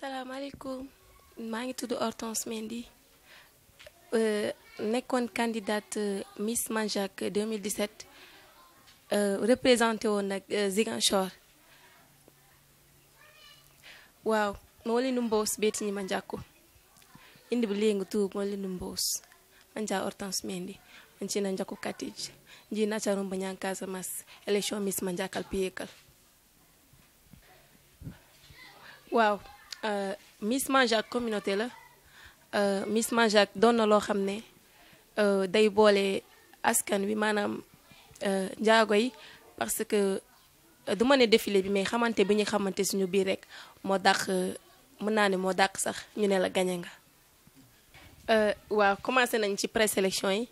salaamaaleykum maa ngi tudd Hortense Mendy euh, nekkoon candidate euh, Miss Manjaak 2017 euh, représenté woon nag Ziguinchor waaw moo leen mboos beeti ñi ma njàkku indi bi léegi tuub moo leen mboos anja Hortense Mendy man ci na njaku katij ji nacarum ba ñaan Casamance élection Miss Manjaakal piyekal waaw Euh, Miss Manjaak communauté la euh, Miss Manjaak doon na loo xam ne euh, day boole askan wi maanaam njaago yi parce que du ma ne défilé bi mais xamante bi ñu xamante suñu biir rek moo dàq mën naa ne moo dàq sax ñu ne la gañe nga. waaw commencé nañ ci présélection yi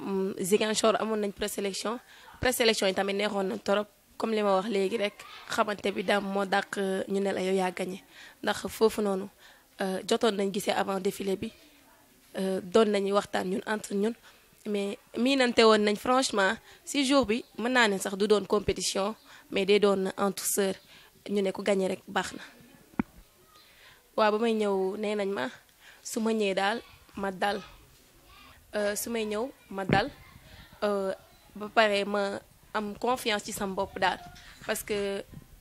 hmm, Ziguinchor amoon nañ présélection présélection yi tamit neexoon nañ torop comme li ma wax léegi rek xamante bi daam moo dàq euh, ñu ne la yow yaa gagné ndax foofu noonu euh, jotoon nañ gisee avant défilé bi euh, doon nañuy waxtaan ñun entre ñun mais miinante woon nañ franchement si jour bi mën naa ne sax du doon compétition mais de doon entre sœurs ñu ne ku gagné rek baax na waaw ba may ñëw nee nañ ma su ma ñëwee daal ma dal su may ñëw ma dal ba pare ma am confiance ci sam bopp daal parce que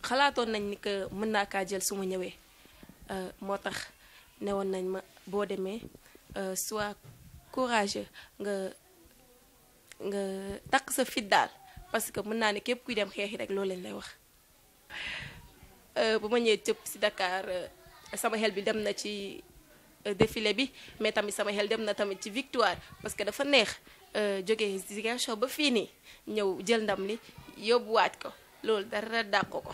xalaatoon nañ ni que mën naa kaa jël su ma ñëwee euh, moo tax newoon nañ ma boo demee euh, soit courageux nga nga takk sa fit daal parce que mën naa ne képp kuy dem xeexi rek loolu lañ lay wax euh, ba ma ñëwee cëpp si Dakar sama xel bi dem na ci défilé bi mais tamit sama xel dem na tamit ci victoire parce que dafa neex Euh, jóge Ziguinchor ba fii nii ñëw jël ndam li yóbbuwaat ko loolu dara dàq ko ko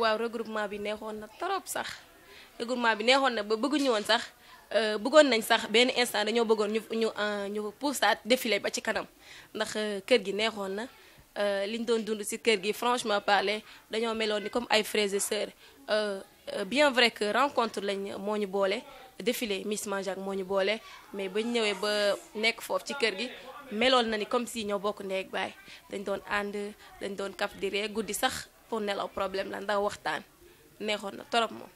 waaw regroupement bi neexoon na trop sax regroupement bi neexoon na ba bëgguñu woon sax euh, bëggoon nañ sax benn instant dañoo bëggoon ñu ñu euh, ñu poussaat défilé ba ci kanam ndax kër gi neexoon na li ñu doon dund ci kër gi franchement parler dañoo meloon ni comme ay frères et bien vrai que rencontre lañ moo ñu boole. défilé Miss Manjak moo ñu boole mais ba ñu ñëwee ba nekk foofu ci kër gi meloon na ni comme si ñoo bokk ndeeg baay dañ doon ànd dañ doon kaf di ree guddi sax pour nelaw problème la ndax waxtaan neexoon na torop moom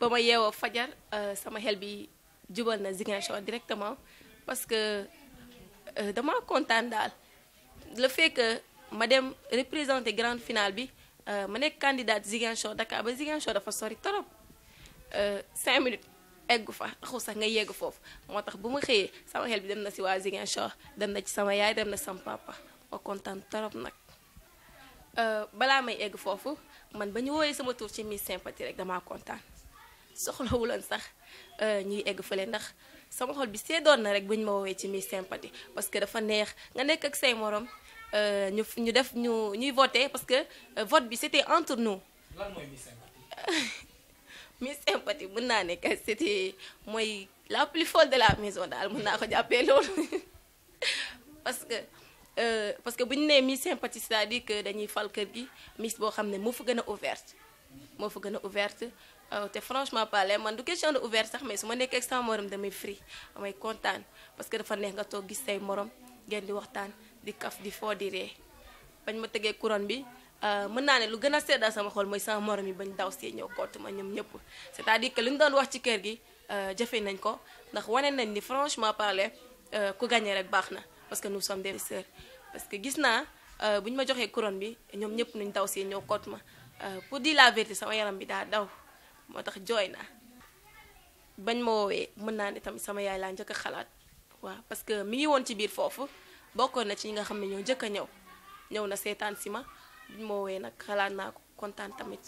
ba ma yeewoo fajar euh, sama xel bi jubal na Ziguinchor directement parce que euh, dama kontaan daal le fekk ma dem représenter grande finale bi euh, ma nekk candidate Ziguinchor Dakar ba Ziguinchor dafa sori torop Euh, cinq minutes eggu fa taxul sax nga yegg foofu moo tax bu ma xëyee sama xel bi dem na si waa Ziguinchor dem na ci sama yaay dem na sama papa ma kontaan trop nag euh, balaa may egg foofu man ba ñu wooyee sama tur ci Miss Sympathie rek damaa kontaan soxlawuloon sax euh, ñuy egg fële ndax sama xol bi seddoon na rek bu ñu ma woowee ci Miss Sympathie parce que dafa neex nga nekk ak say morom ñu ñu def ñu ñuy voté parce que vote bi c'était entre nous. Miss Sympathie mun naa ne que c'était mooy la plus folle de la maison daal mun naa ko jàppee loolu parce que euh, parce que bu ñu nee Miss Sympathie cest à que dañuy fal kër gi Miss boo xam ne moo fa gën a ouverte moo fa gën a ouverte euh, te franchement parler man du question de ouverte sax mais su ma nekk ak sama morom damay free damay kontaan parce que dafa neex nga toog gis say morom ngeen di waxtaan di kaf di foo di ree bañ ma tegee couronne bi Euh, mën naa ne lu gën a sedda sama xol mooy sama morom yi bañ daw see ñëw kott ma ñoom ñëpp c'est-à-dire que ñu doon wax ci kër gi euh, jafe nañ ko ndax wane nañ ni franchement parler euh, ku gagné rek baax na parce que nous sommes des sœurs parce que gis naa bu ma joxee couronne bi ñoom ñëpp nuñ daw see ñëw kott ma pour dire la vérité sama yaram bi daa daw moo tax jooy naa bañ ma woowee mën naa ne tamit sama yaay laa njëkk a xalaat waaw parce que mi ngi woon ci biir foofu bokkoon na ci ñi nga xam ne ñoo njëkk a ñëw ñëw na seetaan si ma biñ ma woowee nag xalaat naa ko kontaan tamit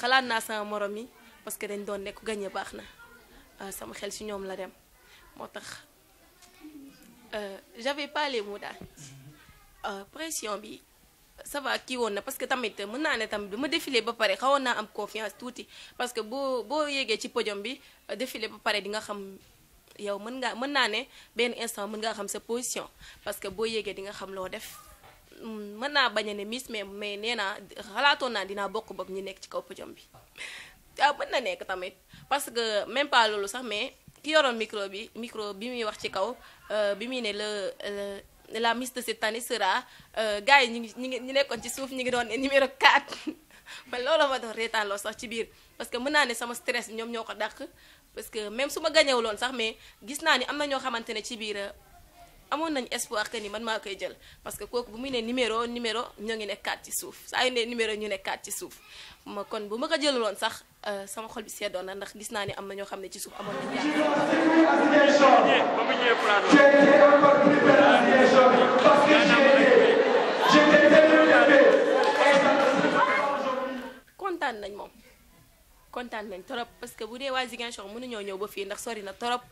xalaat naa sama morom yi parce que dañ doon nekk gañe baax na ah, sama xel si ñoom la dem moo tax euh, j'avais pas les mots daal euh, pression bi ça va kii woon na parce que tamit mën naa ne tamit bi ma défilé ba pare xawoon naa am confiance tuuti parce que boo boo yéegee ci podium bi euh, défilé ba pare di nga xam yow mën ngaa mën naa ne benn instant mën ngaa xam sa position parce que boo yéegee dinga xam loo def Mm, mën naa bañ a ne miss mais mais nee naa xalaatoon naa dinaa bokk bopp ñu nekk ci kaw podium bi waaw ah, mën na nekk tamit parce que même pas loolu sax mais ki yoroon micro bi micro bi muy wax ci kaw euh, bi muy ne la la miss de cette année sera euh, gars yi ñu ngi ñu ngi ñu nekkoon ci suuf ñu ngi doon numéro 4. man loolu ma doon reetaan lool sax ci biir parce que mën naa ne sama stress ñoom ñoo ko dàq parce que même su ma gañewuloon sax mais gis naa ni am na ñoo xamante ne ci biir amoon nañ espoir que ni man maa koy jël parce que kooku bu muy ne numéro numéro ñoo ngi nekkaat ci suuf saa yu ne numéro ñu kaat ci suuf ma kon bu ma ko jëlaloon sax euh, sama xol bi seddoon na ndax gis naa ne am na ñoo xam ne ci suuf amoon nañ kontaan nañ moom kontaan nañ trop parce que bu dee waa Ziguinchor mënuñoo ñëw ba fii ndax sori na trop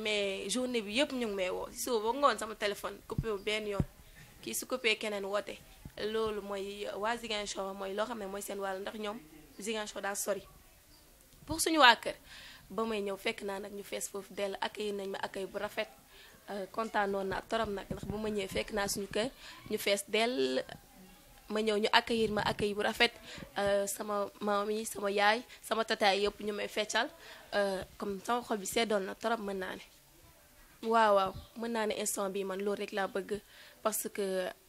mais journée bi yëpp ñu may woo si ba ngoon sama téléphone coupé wu benn yoon kii su coupé keneen woote loolu mooy waa Ziguinchor mooy loo xam ne mooy seen wàll ndax ñoom Ziguinchor daa sori pour suñu waa kër ba may ñëw fekk naa nag ñu fees foofu dell accueil nañ ma accueil bu rafet euh, kontaanoon naa torop nag ndax bu ma ñëwee fekk naa suñu kër ñu fees dell ma ñëw ñu accueillir ma accueil bu rafet euh, sama maam yi sama yaay sama tataay yëpp ñu may feccal euh, comme sama xol bi seddoon na trop mën naa ne waaw waaw mën naa ne instant bii man loolu rek laa bëgg parce que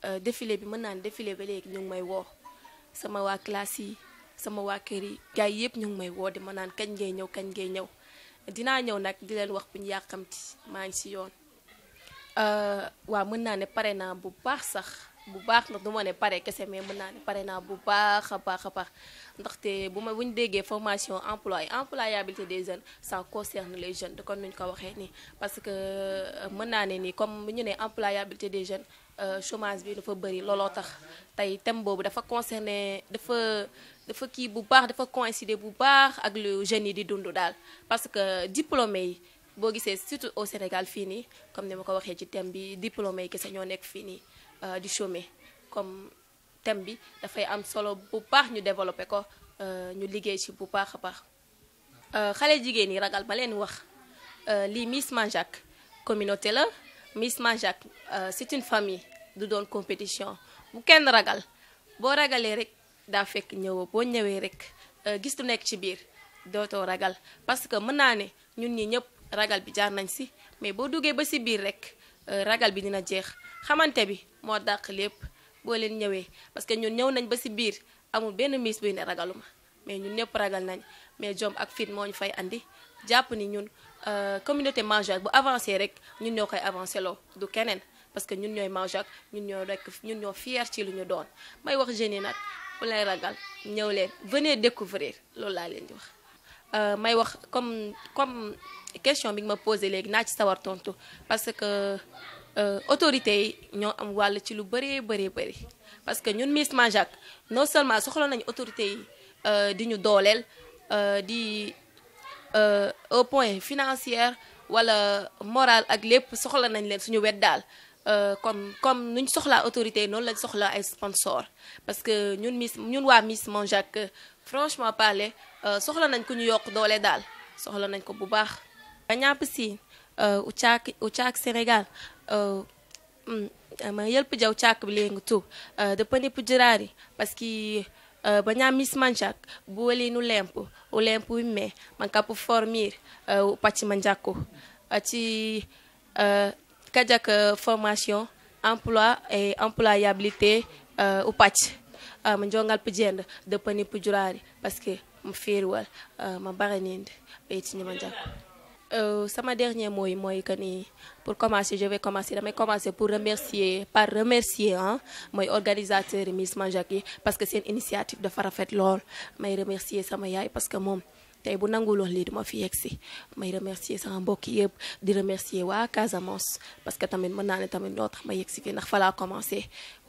euh, défilé bi mën naa ne défilé ba léegi ñu ngi may woo sama waa classe yi sama waa yi gars yi yëpp ñu ngi may woo di ma naan kañ ngay ñëw kañ ngay ñëw dinaa ñëw nag di leen wax bu ñu yàqamti maa ngi si yoon waaw mën naa ne pare naa bu baax sax bu baax ndax du ma ne pare kese mais mën naa ne pare naa bu baax a baax a baax ndaxte bu ma buñ déggee formation emploi et employabilité des jeunes ça concerne les jeunes kon nuñ ko waxee nii parce que euh, mën naa ne nii comme bu ñu ne employabilité des jeunes euh, chômage bi dafa bëri looloo tax tey thème boobu dafa concerné dafa dafa kii bu baax dafa coïncider bu baax ak lu jeunes yi di dund daal parce que diplômé yi boo gisee surtout au Sénégal fii nii comme ni ma ko waxee ci thème bi diplômé kese ñoo nekk fii nii Euh, di chômer comme thème bi dafay am solo bu baax ñu développé ko euh, ñu liggéey ci bu baax a baax euh, xale jigéen yi ragal ba leen wax lii Miss Manjaak communauté la Miss Manjaak c'est une famille du doon compétition bu kenn ragal boo ragalee rek daa fekk ñëwoo boo ñëwee rek gis lu nekk ci biir dootoo ragal parce que mën naa ne ñun ñi ñëpp ragal bi jaar nañ si mais boo duggee ba si biir rek ragal bi dina jeex xamante bi moo dàq lépp boo leen ñëwee parce que ñun ñëw nañ ba si biir amul benn miis buy ne ragaluma mais ñun ñëpp ragal nañ mais jom ak fit moo ñu fay andi jàpp ni ñun euh, communauté Manjaak bu avancé rek ñun ñoo koy avancé loo du keneen parce que ñun ñooy Manjaak ñun ñoo rek ñun ñoo fier ci lu ñu doon may wax jeunes yi nag bu lay ragal ñëw leen venez découvrir loolu laa leen di wax. Euh, may wax comme comme question bi ma posé léegi naa ci sawar tontu parce que. Euh, autorités yi ñoo am wàll ci lu bëree bëree parce que ñun Miss Manjaak non seulement soxla nañ autorités yi euh, di ñu dooleel euh, di au point financière wala moral ak lépp soxla nañ leen suñu wet daal kon comme nuñ soxla autorités yi noonu lañ soxla ay sponsor parce que ñun Miss ñun waa Miss Manjaak franchement parler soxla nañ ko ñu yokk doole daal soxla nañ ko bu baax. ñàpp si u caak u caak Sénégal. yalpu jau chak bilengu tu depende pujirari paski banya miss manjak bueli no lempo o lempo imme mankapu formir o euh, pachi manjako ati euh, euh, kajak formation emploi et employabilité o pachi manjongal pujenda depende pujirari paski mfirwal mabaraninde beitinye manjako Euh, sama dernier mot yi mooy que ni pour commencer je vais commencer damay commencer pour remercier par remercier ah mooy organisateur yi Miss Manjak yi parce que seen initiative dafa rafet lool may remercier sama yaay parce que moom. tey bu nangul woon lii duma fi yegg si may remercier sama mbokk yëpp di remercier waa Casamance parce que tamit mën naa ne tamit loo tax ma yegg si fii ndax falaa laa commencé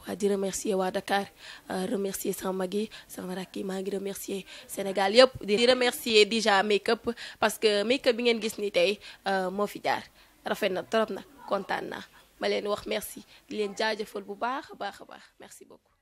waa di remercier waa Dakar euh, remercier sama mag yi sama rakk yi maa ngi remercier Sénégal yëpp di remercier déjà make up parce que make bi ngeen gis ni tey euh, moo fi jaar rafet na trop nag kontaan naa ma leen wax merci leen jaajëfal bu baax a baax a baax merci beaucoup